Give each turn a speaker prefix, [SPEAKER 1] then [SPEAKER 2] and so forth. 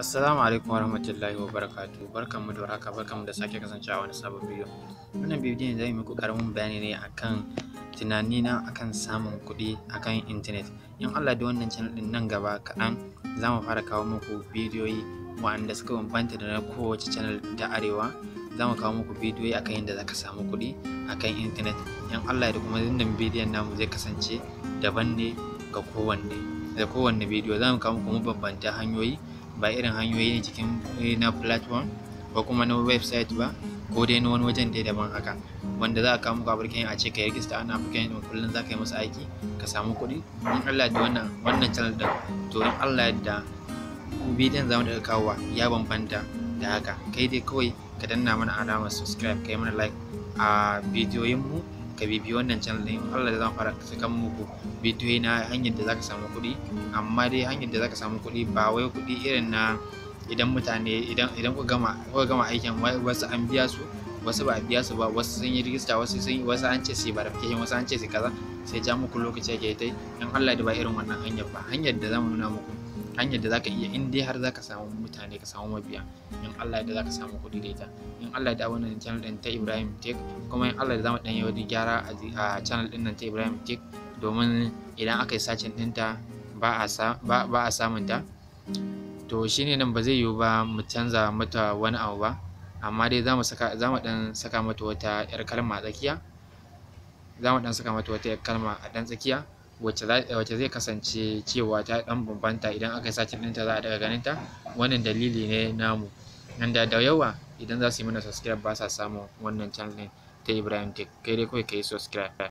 [SPEAKER 1] Assalamu alaikum warahmatullahi wabarakatuh barkanmu da warhaka barkanmu da sake kasancewa wani sabon bidiyo wannan bidiyon zai muku karamin bayani ne akan tunani na akan samun kuɗi akan intanet in Allah da wannan channel din nan gaba kaɗan za mu fara kawo muku bidiyoyi wanda suka bambanta da na kowace channel ta arewa za mu kawo muku bidiyoyi akan yadda za ka samu kuɗi akan intanet in Allah da kuma wannan bidiyon namu zai kasance daban ne ga kowanne da kowanne bidiyo za mu kawo muku mabambanta hanyoyi ba irin hanyoyi cikin eh, na platform ko kuma na website ba ko dai wani wajen dai daban haka wanda za a kawo muku application a ce ka yi register ana application din kullum za ka yi musu aiki ka samu kuɗi in Allah da wannan wannan channel din to in Allah da bidiyon zamu da kawowa ya bambanta da haka kai dai kawai ka danna mana alamar subscribe ka yi mana like a bidiyoyinmu mu ka bibi wannan channel din Allah da zan fara sakan muku bidiyo na hanyar da zaka samu kuɗi amma dai hanyar da zaka samu kuɗi ba wai kuɗi irin na idan mutane idan idan ku gama ku gama aikin wasu an biya su wasu ba a biya su ba wasu sun yi rijista wasu sun yi wasu an ce sai ba da wasu an ce sai kaza sai ja muku lokaci ake ta in Allah da ba irin wannan hanyar ba hanyar da zamu nuna muku hanyar da za ka iya in dai har za ka samu mutane ka samu mabiya in Allah da za ka samu kuɗi da ita in Allah da wannan channel ɗin ta Ibrahim Tech kuma in Allah da za mu ɗan yi wani gyara a channel ɗin nan ta Ibrahim Tech domin idan aka yi sacin ɗinta ba a samun ta to shine nan ba zai yiwu ba mu canza mata wani abu ba amma dai za mu saka za mu ɗan saka mata wata 'yar kalma a tsakiya za mu ɗan saka mata wata 'yar kalma a ɗan tsakiya wacce zai kasance cewa ta ɗan bambanta idan aka yi satin ɗinta za a daga ganin ta wannan dalili ne namu wanda da yawa idan za su yi mana subscribe ba sa samun wannan channel ta Ibrahim Tech kai dai kawai ka yi subscribe